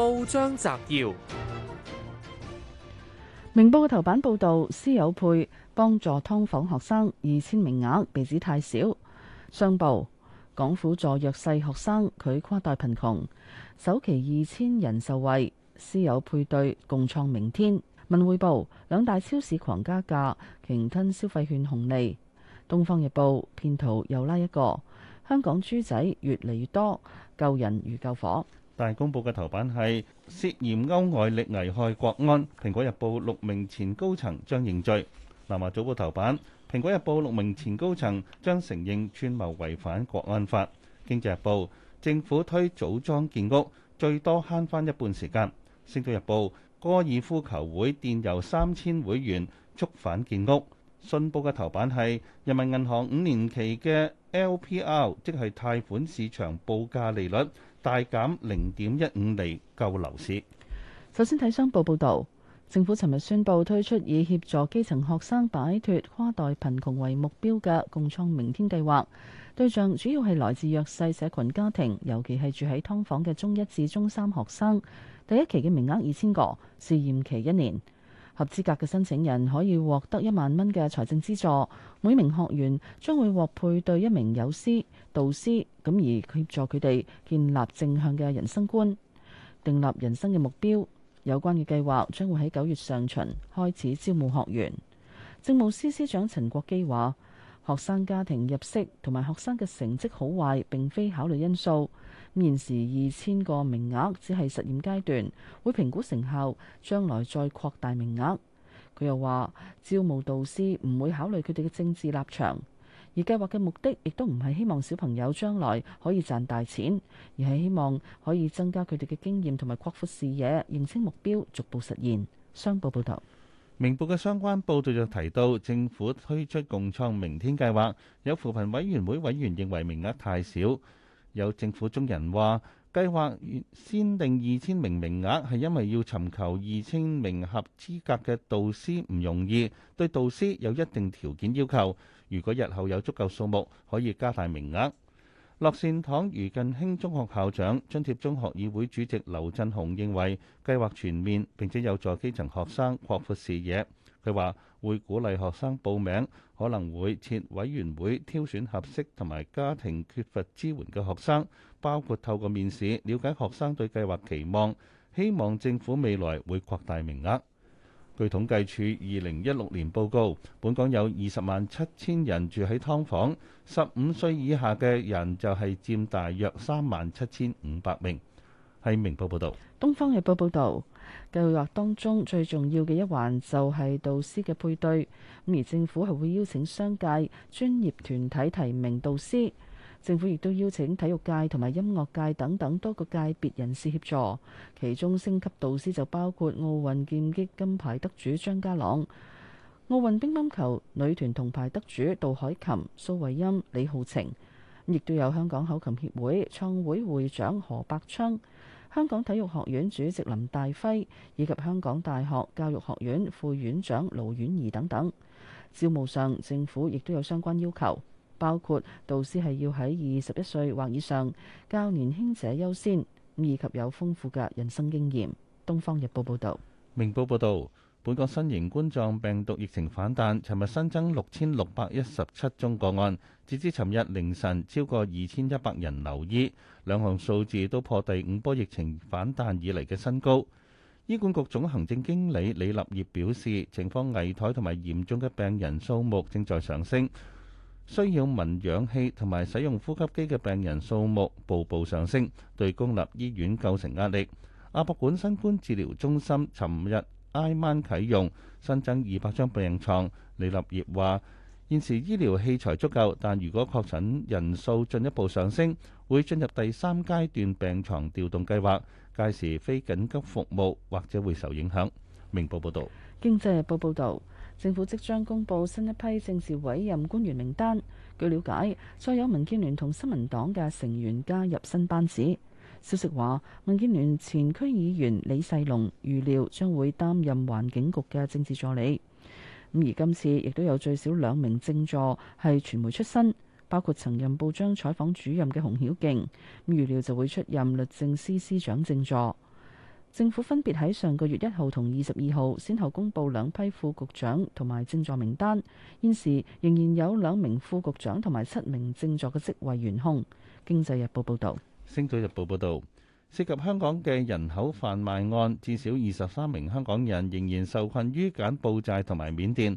報章摘要：明報嘅頭版報道，私有配幫助劏房學生，二千名額被指太少。商報：港府助弱勢學生，佢跨代貧窮，首期二千人受惠。私有配對，共創明天。文匯報：兩大超市狂加價，鯨吞消費券紅利。東方日報：騙徒又拉一個，香港豬仔越嚟越多，救人如救火。大公報嘅頭版係涉嫌勾外力危害國安，蘋果日報六名前高層將認罪。南華早報頭版，蘋果日報六名前高層將承認串謀違反國安法。經濟日報，政府推組裝建屋，最多慳翻一半時間。星島日報，哥爾夫球會電郵三千會員促反建屋。信報嘅頭版係人民銀行五年期嘅 LPR，即係貸款市場報價利率。大減零點一五厘救樓市。首先睇商報報導，政府尋日宣布推出以協助基層學生擺脱跨代貧窮為目標嘅共創明天計劃，對象主要係來自弱勢社群家庭，尤其係住喺劏房嘅中一至中三學生，第一期嘅名額二千個，試驗期一年。合資格嘅申請人可以獲得一萬蚊嘅財政資助，每名學員將會獲配對一名有師、導師，咁而協助佢哋建立正向嘅人生觀，訂立人生嘅目標。有關嘅計劃將會喺九月上旬開始招募學員。政務司司長陳國基話，學生家庭入息同埋學生嘅成績好壞，並非考慮因素。現時二千個名額只係實驗階段，會評估成效，將來再擴大名額。佢又話，招募導師唔會考慮佢哋嘅政治立場，而計劃嘅目的亦都唔係希望小朋友將來可以賺大錢，而係希望可以增加佢哋嘅經驗同埋擴闊視野，認清目標，逐步實現。商報報道，明報嘅相關報道就提到，政府推出共創明天計劃，有扶貧委員會委員認為名額太少。有政府中人話：計劃先定二千名名額，係因為要尋求二千名合資格嘅導師唔容易，對導師有一定條件要求。如果日後有足夠數目，可以加大名額。樂善堂余近卿中學校長、津貼中學議會主席劉振鴻認為，計劃全面並且有助基層學生擴闊視野。佢話會鼓勵學生報名，可能會設委員會挑選合適同埋家庭缺乏支援嘅學生，包括透過面試了解學生對計劃期望。希望政府未來會擴大名額。據統計處二零一六年報告，本港有二十萬七千人住喺劏房，十五歲以下嘅人就係佔大約三萬七千五百名。喺《明報》報道。東方日報報道。計劃當中最重要嘅一環就係導師嘅配對，咁而政府係會邀請商界專業團體提名導師，政府亦都邀請體育界同埋音樂界等等多個界別人士協助。其中星級導師就包括奧運劍擊金牌得主張家朗、奧運乒乓球女團銅牌得主杜凱琹、蘇慧音、李皓晴，亦都有香港口琴協會創會會,會長何百昌。香港體育學院主席林大輝以及香港大學教育學院副院長盧婉儀等等，招募上政府亦都有相關要求，包括導師係要喺二十一歲或以上，較年輕者優先，以及有豐富嘅人生經驗。《東方日報》報道。《明報》報道。本港新型冠狀病毒疫情反彈，尋日新增六千六百一十七宗個案，截至尋日凌晨超過二千一百人留醫，兩項數字都破第五波疫情反彈以嚟嘅新高。醫管局總行政經理李立業表示，情況危殆同埋嚴重嘅病人數目正在上升，需要聞氧氣同埋使用呼吸機嘅病人數目步步上升，對公立醫院構成壓力。亞博館新冠治療中心尋日。挨晚啟用，新增二百張病床。李立業話：現時醫療器材足夠，但如果確診人數進一步上升，會進入第三階段病床調動計劃，屆時非緊急服務或者會受影響。明報報道。經濟日報報道，政府即將公布新一批政治委任官員名單。據了解，再有民建聯同新民黨嘅成員加入新班子。消息話，民建聯前區議員李世龍預料將會擔任環境局嘅政治助理。咁而今次亦都有最少兩名政助係傳媒出身，包括曾任報章採訪主任嘅洪曉勁，預料就會出任律政司司長政助。政府分別喺上個月一號同二十二號，先後公布兩批副局長同埋政助名單。現時仍然有兩名副局長同埋七名政助嘅職位懸空。經濟日報報導。星島日報報導，涉及香港嘅人口販賣案，至少二十三名香港人仍然受困於柬埔寨同埋緬甸，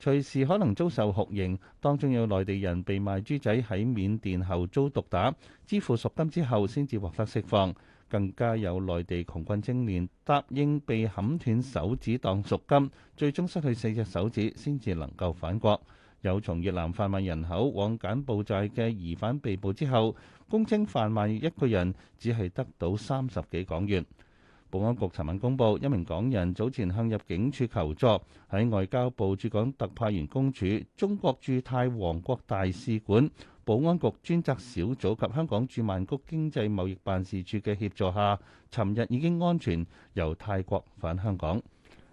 隨時可能遭受酷刑。當中有內地人被賣豬仔喺緬甸後遭毒打，支付贖金之後先至獲得釋放。更加有內地窮困青年答應被砍斷手指當贖金，最終失去四隻手指先至能夠返國。有從越南販賣人口往柬埔寨嘅疑犯被捕之後，供稱販賣一個人只係得到三十幾港元。保安局尋晚公布，一名港人早前向入境處求助，喺外交部駐港特派員公署、中國駐泰王國大使館、保安局專責小組及香港駐曼谷經濟貿易辦事處嘅協助下，尋日已經安全由泰國返香港。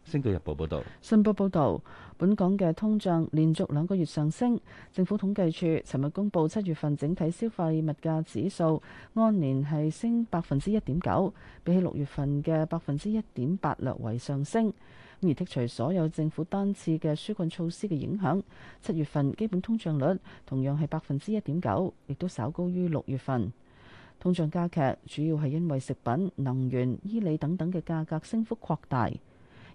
《星島日報》報道：《信報》報導，本港嘅通脹連續兩個月上升。政府統計處尋日公布七月份整體消費物價指數，按年係升百分之一點九，比起六月份嘅百分之一點八略為上升。而剔除所有政府單次嘅紓困措施嘅影響，七月份基本通脹率同樣係百分之一點九，亦都稍高於六月份。通脹加劇，主要係因為食品、能源、醫理等等嘅價格升幅擴大。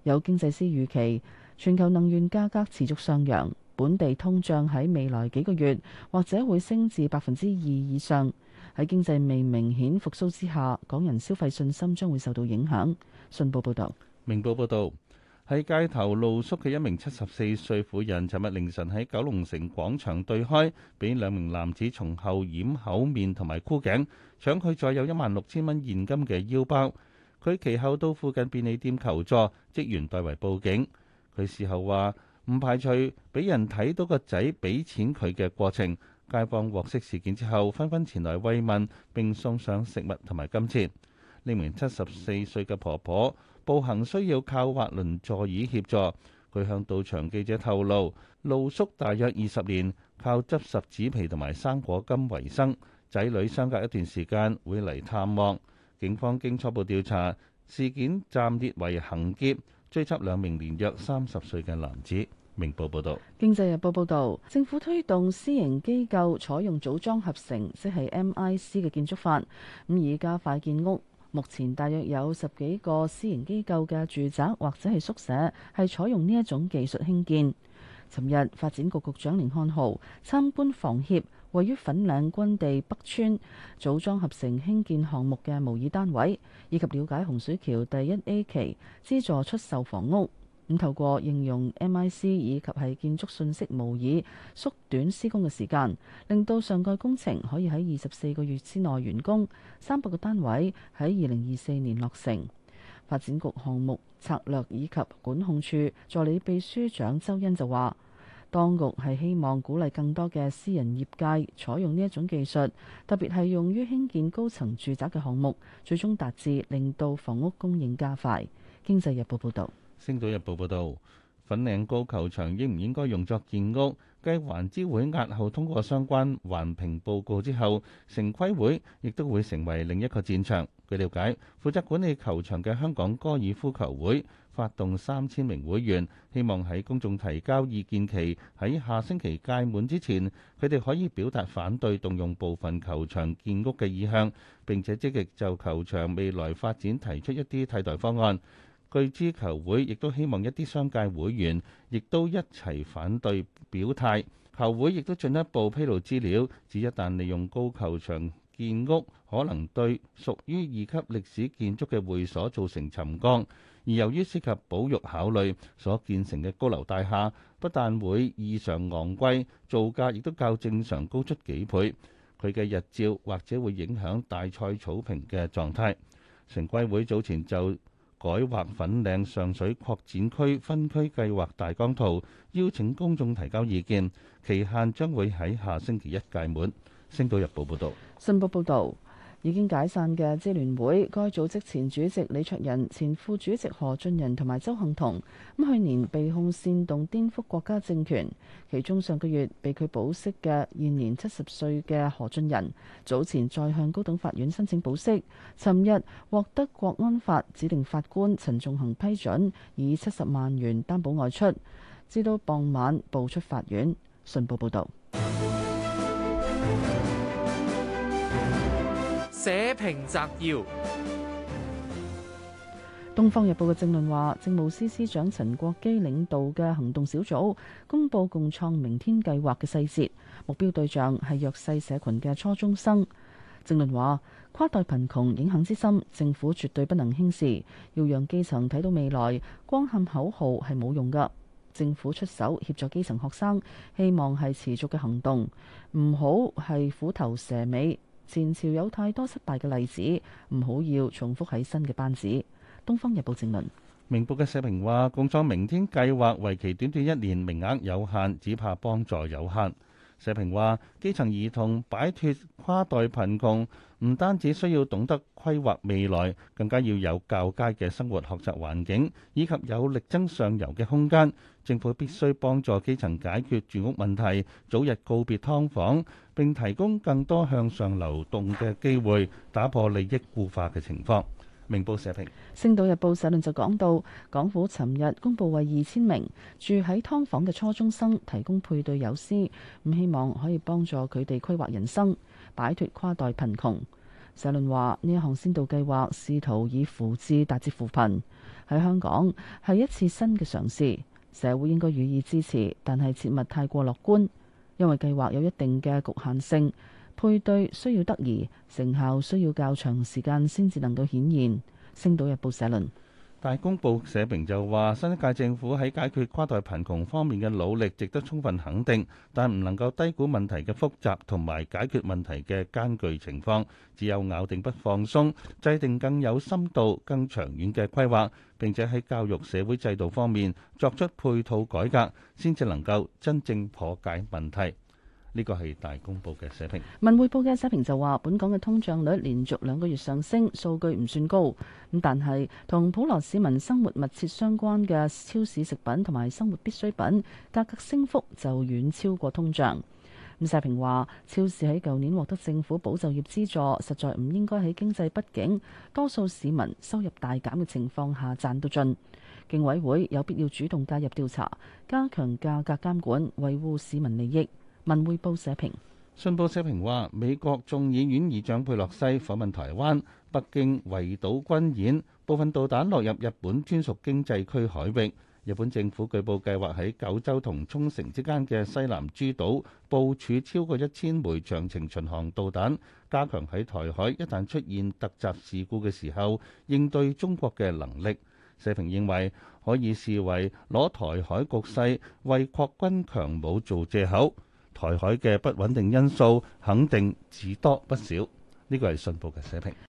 有經濟師預期，全球能源價格持續上揚，本地通脹喺未來幾個月或者會升至百分之二以上。喺經濟未明顯復甦之下，港人消費信心將會受到影響。信報報道：「明報報道，喺街頭露宿嘅一名七十四歲婦人，尋日凌晨喺九龍城廣場對開，俾兩名男子從後掩口面同埋箍頸，搶佢載有一萬六千蚊現金嘅腰包。佢其後到附近便利店求助，職員代為報警。佢事後話唔排除俾人睇到個仔俾錢佢嘅過程。街坊獲悉事件之後，紛紛前來慰問並送上食物同埋金錢。呢名七十四歲嘅婆婆步行需要靠滑輪座椅協助。佢向到場記者透露，露宿大約二十年，靠執拾紙皮同埋生果金為生。仔女相隔一段時間會嚟探望。警方經初步調查，事件暫列為行劫，追緝兩名年約三十歲嘅男子。明報報道，《經濟日報》報導，政府推動私營機構採用組裝合成，即係 MIC 嘅建築法，咁以加快建屋。目前大約有十幾個私營機構嘅住宅或者係宿舍係採用呢一種技術興建。尋日發展局局長甯漢豪參觀房協。位於粉嶺軍地北村組裝合成興建項目嘅模擬單位，以及了解洪水橋第一 A 期資助出售房屋。咁透過應用 MIC 以及係建築信息模擬，縮短施工嘅時間，令到上蓋工程可以喺二十四個月之內完工，三百個單位喺二零二四年落成。發展局項目策略以及管控處助理秘書長周恩就話：當局係希望鼓勵更多嘅私人業界採用呢一種技術，特別係用於興建高層住宅嘅項目，最終達至令到房屋供應加快。經濟日報報道。星島日報報道，粉嶺高球場應唔應該用作建屋？繼環資會押後通過相關環評報告之後，城規會亦都會成為另一個戰場。據了解，負責管理球場嘅香港高爾夫球會發動三千名會員，希望喺公眾提交意見期喺下星期屆滿之前，佢哋可以表達反對動用部分球場建屋嘅意向，並且積極就球場未來發展提出一啲替代方案。據知，球會亦都希望一啲商界會員亦都一齊反對表態，球會亦都進一步披露資料，指一旦利用高球場建屋，可能對屬於二級歷史建築嘅會所造成沉降。而由於涉及保育考慮，所建成嘅高樓大廈不但會異常昂貴，造價亦都較正常高出幾倍。佢嘅日照或者會影響大賽草坪嘅狀態。城規會早前就改劃粉嶺上水擴展區分區計劃大綱圖，邀請公眾提交意見，期限將會喺下星期一屆滿。星島日報報道。新報報導。已經解散嘅支聯會，該組織前主席李卓人、前副主席何俊仁同埋周幸彤，咁去年被控煽動顛覆國家政權，其中上個月被佢保釋嘅現年七十歲嘅何俊仁，早前再向高等法院申請保釋，尋日獲得國安法指定法官陳仲恒批准，以七十萬元擔保外出，至到傍晚步出法院。信報報道。 報章摘要：《東方日報》嘅政論話，政務司司長陳國基領導嘅行動小組公布《共創明天計劃》嘅細節，目標對象係弱勢社群嘅初中生。政論話，跨代貧窮影響之深，政府絕對不能輕視，要讓基層睇到未來。光喊口號係冇用噶，政府出手協助基層學生，希望係持續嘅行動，唔好係虎頭蛇尾。前朝有太多失敗嘅例子，唔好要，要重複喺新嘅班子。《東方日報》證明，明報嘅社評話：共創明天計劃，為期短短一年，名額有限，只怕幫助有限。社評話：基層兒童擺脱跨代貧窮，唔單止需要懂得規劃未來，更加要有較佳嘅生活學習環境，以及有力爭上游嘅空間。政府必須幫助基層解決住屋問題，早日告別劏房，並提供更多向上流動嘅機會，打破利益固化嘅情況。明報社評，《星島日報》社論就講到，港府尋日公佈為二千名住喺劏房嘅初中生提供配對友師。咁希望可以幫助佢哋規劃人生，擺脱跨代貧窮。社論話呢項先導計劃試圖以扶志達至扶貧，喺香港係一次新嘅嘗試，社會應該予以支持，但係切勿太過樂觀，因為計劃有一定嘅局限性。配對需要得宜，成效需要較長時間先至能夠顯現。星島日報社論，大公報社評就話：新一屆政府喺解決跨代貧窮方面嘅努力值得充分肯定，但唔能夠低估問題嘅複雜同埋解決問題嘅艱巨情況。只有咬定不放鬆，制定更有深度、更長遠嘅規劃，並且喺教育社會制度方面作出配套改革，先至能夠真正破解問題。呢個係大公報嘅社評，文匯報嘅社評就話：本港嘅通脹率連續兩個月上升，數據唔算高咁，但係同普羅市民生活密切相關嘅超市食品同埋生活必需品價格升幅就遠超過通脹。咁社評話：超市喺舊年獲得政府保就業資助，實在唔應該喺經濟不景、多數市民收入大減嘅情況下賺到盡。競委會有必要主動介入調查，加強價格監管，維護市民利益。文匯報社評。信報社評話：美國眾議院議長佩洛西訪問台灣，北京圍島軍演，部分導彈落入日本專屬經濟區海域。日本政府據報計劃喺九州同沖繩之間嘅西南諸島部署超過一千枚長程巡航導彈，加強喺台海一旦出現突襲事故嘅時候應對中國嘅能力。社評認為可以視為攞台海局勢為擴軍強武做借口。台海嘅不穩定因素肯定只多不少，呢個係信報嘅社評。